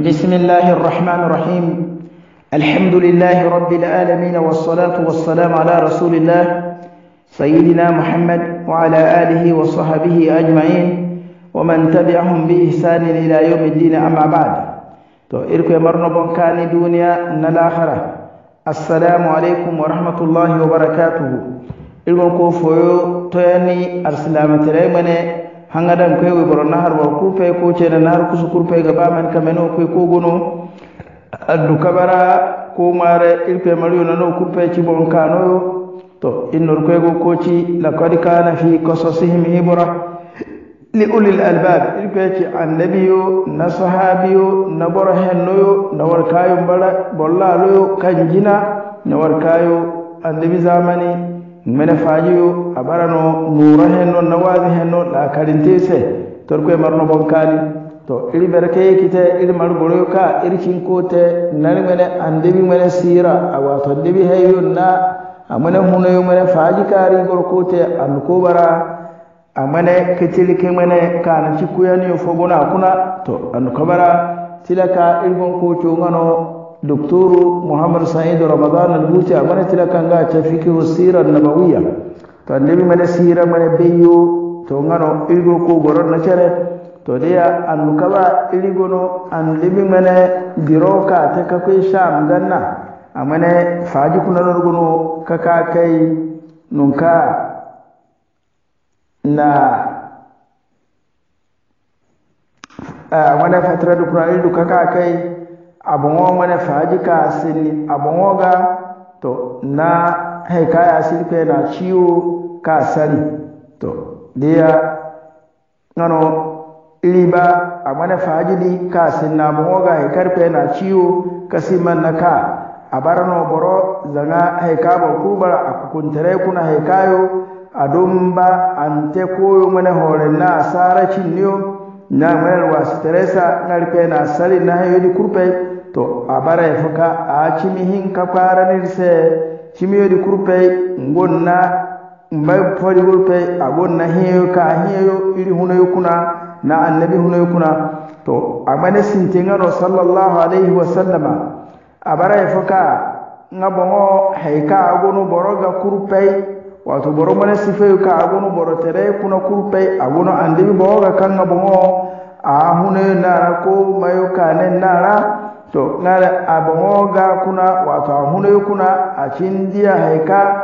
بسم الله الرحمن الرحيم الحمد لله رب العالمين والصلاة والسلام على رسول الله سيدنا محمد وعلى آله وصحبه أجمعين ومن تبعهم بإحسان إلى يوم الدين أما بعد تو إركو مرنو بنكان من الآخرة السلام عليكم ورحمة الله وبركاته إركو فويو تويني السلامة ريمني hagadan kewi goro nahar wa kurpe ko ceene nahar kuso kurpe ga bamen kamen o koye kogono addu kabara ko mare irpe mariyo nano kurpe cibon kanoyo to innor koyego koci lakad kana fi kasasihim ibra li ulil albab irpeci annabiyo na sahabiyo na boro hennoyo na war kayo bara bollaloyo kanjina na war kayo annabi zamani mene faajiyo a ɓarano nuura hen noon nawaage hen noon la karintese torko e marno bonkaani to iri berke yekkite iri margoroyo ka iri cinkote nani mene an ndewi mene siira a wato an ndewi heyyo na a mene hunoyo mene faaji kaari gorkote an ko wara a mene kettilike mene kaana cikkuyaniyo fo gona kuna to an ko wara tila ka iri gonko cogano دكتور محمد سعيد رمضان البوتي أمانة لكان غا تفكه السيرة النبوية فالنبي من السيرة من بيو تونغانو إلغو كو غرور نشرة توديا أن مكبا إلغونو أن لبي من ديروكا تكاكوي شام غنى أمانة فاجي كنا نرغونو كاكاكي نونكا نا a wani fatara da kuna ilu kaka abongo mane faji ka asili abongo ga na hai kaya asili pe na ciwo ka sali to liba a faji di ka na abongo ga hai na ciwo kasi man na ka a boro zanga hai ka ba a kukuntare kuna hai a don ba an te koyo na cin na wasu to a baray fo ka a cimi hin ka kwaranir se cimiyodi kurpey gonna mbay fadigol pey a gonna heeyo ka heeyo iri hunoyo kuna na annabi hunoyo kuna to a mane sintiŋano sallallahu alayhi wa sallama a baray fo ka ŋa boŋo hay ka a gonu boro ga kurpey wato boro mane sifeyo ka a gonu boro tere kuna kurpey a gono annabi bogoga kaŋa boŋo a hunoyo nara ko mayo kane nara to ngara abongoga kuna wato ahuna kuna a cindiya haika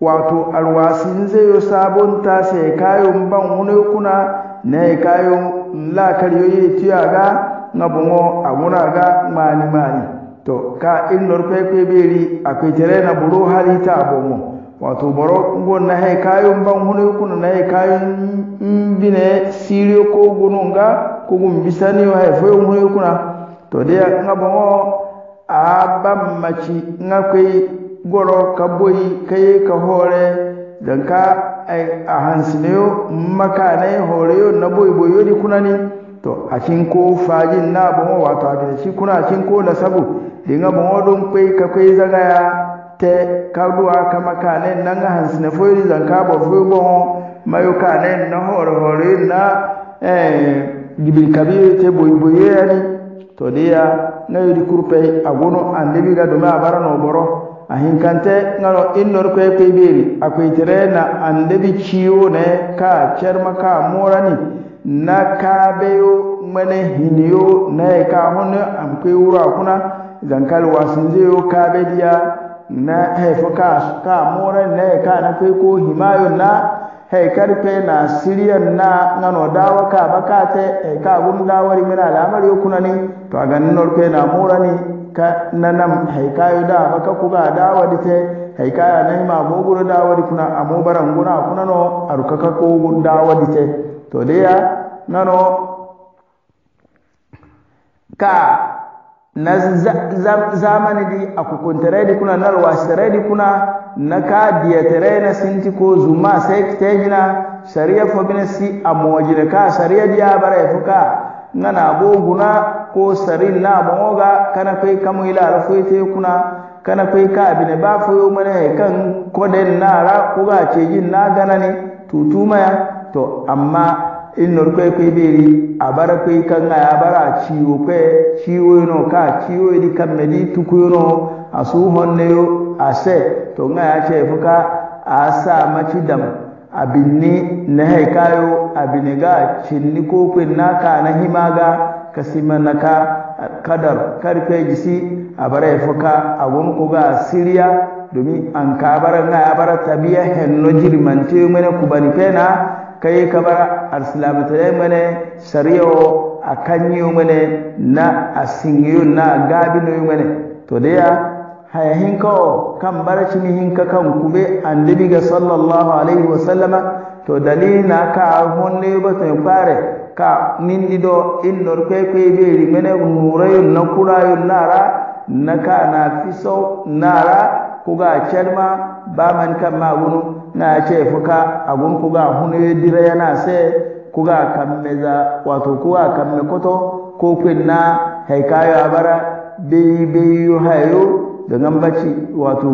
wato arwasin zai yo sabon ta sai kayon ban hune kuna na kayon la kariyoyi tiya ga na bungo a muna ga mani mani to ka in norfe kweberi a kwetare na buru hali ta bongo wato boro ngon na hai kayon ban hune kuna na kayon mbine siriyo ko gununga ko gumbisani wa haifo hune kuna tɔdeɛ ŋa bɔŋɔ a ba machi ŋa kai gɔrɔ ka boyi ka ye ka hɔɔrɛ dan ka a hansinayo makanai maka na na boyi boyo di kunani to a cin ko fajin na bɔŋɔ wato abin shi kuna cin ko lasabu de ŋa bɔŋɔ don kai ka kai zagaya tɛ ka duwa ka makanai na ŋa hansina foyori zan ka bɔ foyi bɔŋɔ ka kanai na hɔɔre hɔɔre na eh, gibir kabiru te boyi ya yani todiya na a kurpey agono annabi ga dome abara no boro ahinkante ngano innor koy koy beri akoy terena annabi ciwo ne ka cerma ka morani na beyo mane hiniyo na ka hono am wura kuna zankal wasinzeyo kabediya na hefo ka ka morani na ka na koy ko himayo na hey karfe na siriyan na ngano dawa ka te hey ka gun dawari mina lamari kuna ni to aga nor pe na mura ne ka nan hey ka da baka kuga dawa te hey ka ya nai ma boguro dawa di kuna amu baran guna kuna no aruka ka ko gun dawa te to de ya ngano ka na zamani di akukuntare di kuna narwa sare di kuna Na k'a naka na sinti ko zuma sai ki kitehina sariya fobina si amojine ka shari'a diya bara fuka ngana boguna ko sarin na bongoga kana kai kamu ila rafoite kuna kana kai ka abine ba foyo mana kan koden nara ko ga cejin na gana ne tutuma ya to amma in nor kai kai beri bar kai kan ga bara ciwo kai ciwo no ka ciwo di kan kammedi tukuyo no asu honne yo a sai to nga ya ce fuka a sa maci abin abinne na haikayo ga cinni kofin naka na himaga kasimanaka kadar karfe jisi a bara fuka a gunku ga siriya domin an ka bara nga ya bara tabiya henno jirmante mene kubani pena kai ka bara arsilamitare mene sariyo a yi mene na asingiyo na gabino mene to da ya haya hinka o kan baracini hinka kan kube andibiga sallllahu alayhi wa sallama to dalili na ka honneyba ten fare ka nindiɗo innor kekoye ɓeeri mene nurayun na kurayun nara na ka na fiso nara kuga calma baman kam ma gunu na cefo ka agun kuga hunoye dirayana se kuga kamme za wato kuga kamme koto ko kuinna haykayo abara beyi beyiyo hayo do ngam bacci wato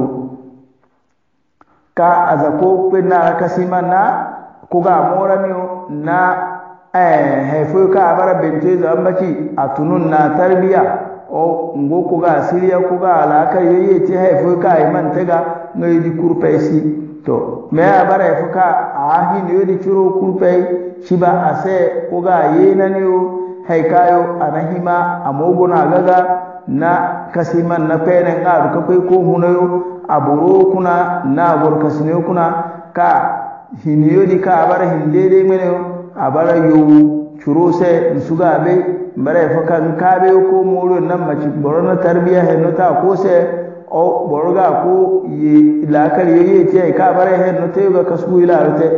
ka azako pena kasima na kuga morani na eh hefu ka bara bente zo ambaci atunun na tarbiya o ngo kuga siriya kuga alaka yeye ti hefu ka iman tega ngai di kurpesi to me a hefu ka a ne yodi ciro kurfai shi ba a sai ko ga yi na ne haikayo a nahima a gaga na kasiman na feeren ŋaaru ka koy ko hunoyo a boro kuna naagor kasinoyo kuna ka hiniyodi ka a bara hin lede meneyo a bara yowu curo se nsuga be mbare fo kan kaabeyo ko moolu na maci boro na tarbiya henno ta ko se o boro ga ko lakaliyo yeteyay ka a bara henno teyoga kasugu ilaaru te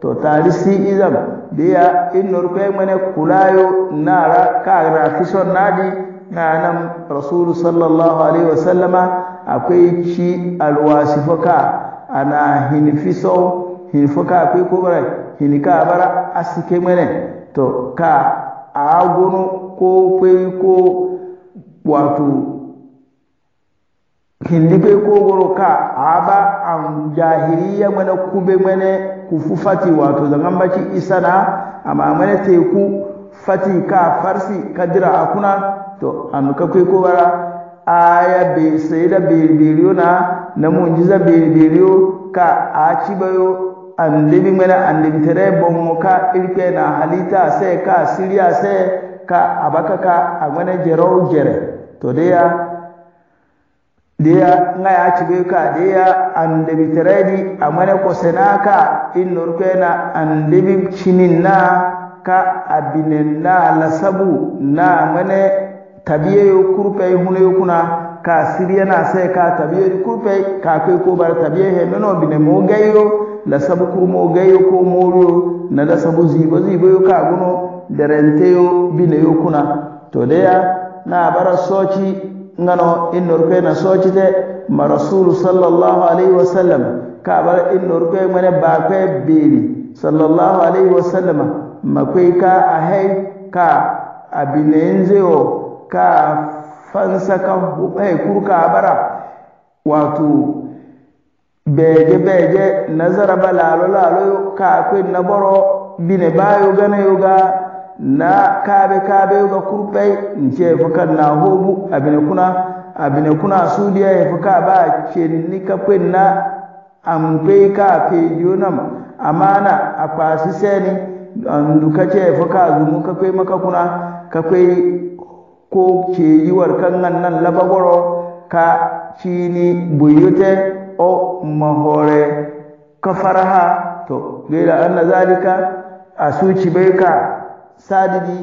to taalisi isam deya in norkoye mene kulayo naara ka ra kison naadi na nan rasulu sallallahu alaihi wasallama akwai ci alwasifaka ana hinifiso hinifuka akwai kubra hinika bara asike mene to ka agunu ko kwai ko wato hindipe ko goro ka aba an jahiliya mana kube mana kufu fati wato zangan baci isana amma mana teku fati ka farsi kadira akuna to kai ko bara aya be be beeriberiyo na na mujiza beeriberiyo ka a ci acibayo mana an andebi tare bon ka irke na halita sai ka siriya sai ka abaka ka a ŋmene jero jere to ya, ya deya ya ci bayo ka ya an andebi tare di a mana ko senaka ka nurke na andebi cinin na ka abinen na lasabu na mana. kurpe kurpey yo kuna ka na sai ka tabiyeri kurpe ka kai ko bar tabiye hemeno bine mo gayo la sabu kur mo gayo ko moriyo na la sabu zibo yo ka guno bine yo kuna to deya na bara soci ngano innorkoy na te ma rasul sallallahu wasallam k'a bar ka bara innorkoy mene ka bebi sallallahu alaihi wasallam sallam ka a hai ka o. ka fansa ka eh, kurka bara wato beje beje nazara ba lalo lalo ka na boro bine bayo gane yoga na kabe kabe yoga kurpai nce fukan na hobu abine kuna abine kuna sudiya ya fuka ba kenni ka kwin na ampe ka fe jonam amana a kwasi seni an duka ce fuka zumu ka kwai maka kuna ka ko keeji war kan ŋan nan labagoro ka fiini buyyute o mahore kafara ha to gera anna zalika a suci bai ka sadidi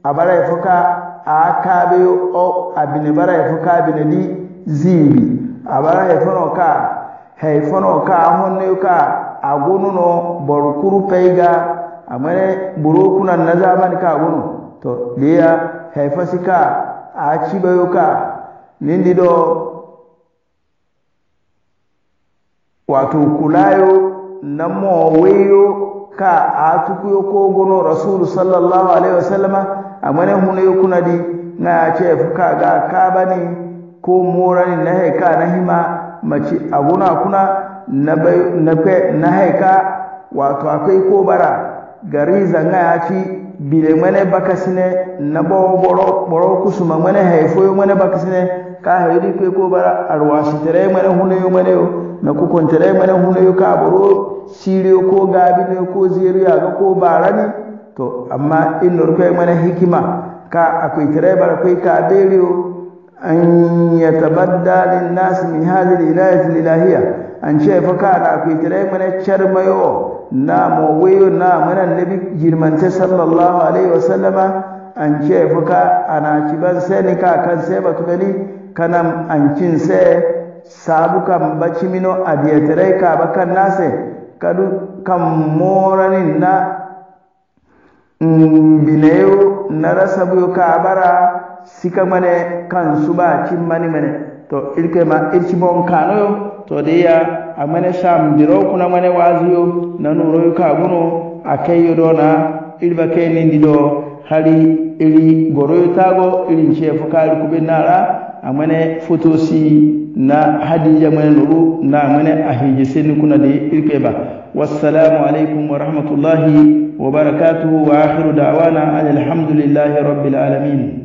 a barai fuka a kabe o abine barai fuka abine di zibi a bara haifano e ka haifano ka hannu ka a gununo barkuru faiga a mere burukunan na zamani ka gunu to liya haifa sika achibayoka nindido wato kulayo na moweyo ka a tukuyo kogono rasulu sallallahu alaihi wasallama amane kuna kunadi na ce fuka ga ka bane ko morani na haika na hima mace abuna kuna na haika wato akwai kobara gari zanga ya ci bile ŋmene bakasine nabo boro boro kusuma haifo yo foyo baka bakasine ka hayidi kwe ko bara arwashi tere ŋmene huneyo yo na ku kontere ŋmene huneyo ka boro siriyo ko gabi ne ko zeriyo aga ko barani to amma in norko ŋmene hikima ka akwai tere bara kai ka beriyo an yatabadda linnasi min hadhihi al-ilayati ilahiyya an shefa ka da akwai tere ŋmene charmayo Na namo weyo namunan nabi girmanta sallallahu alaihi wasallama ce fuka ana kiban seni ka kan sai bakbali an ankin sai sabu kan baci mino abiyatarai ka kan nase kadu kan moranin na binayo na rasa ka bara sika mane kan su ba cin mani mane to ilke ma ilci bon kano to da amene sam diro kuna mane waziyo nanu royu kaguno akeyo dona iliba keni ndido hali ili goroyo tago ili nchefu kali kubenara amene fotosi na hadija mane nuru na amene ahijiseni kuna di ilkeba wassalamu alaikum wa wabarakatuhu wa akhiru da'wana alhamdulillahi rabbil alamin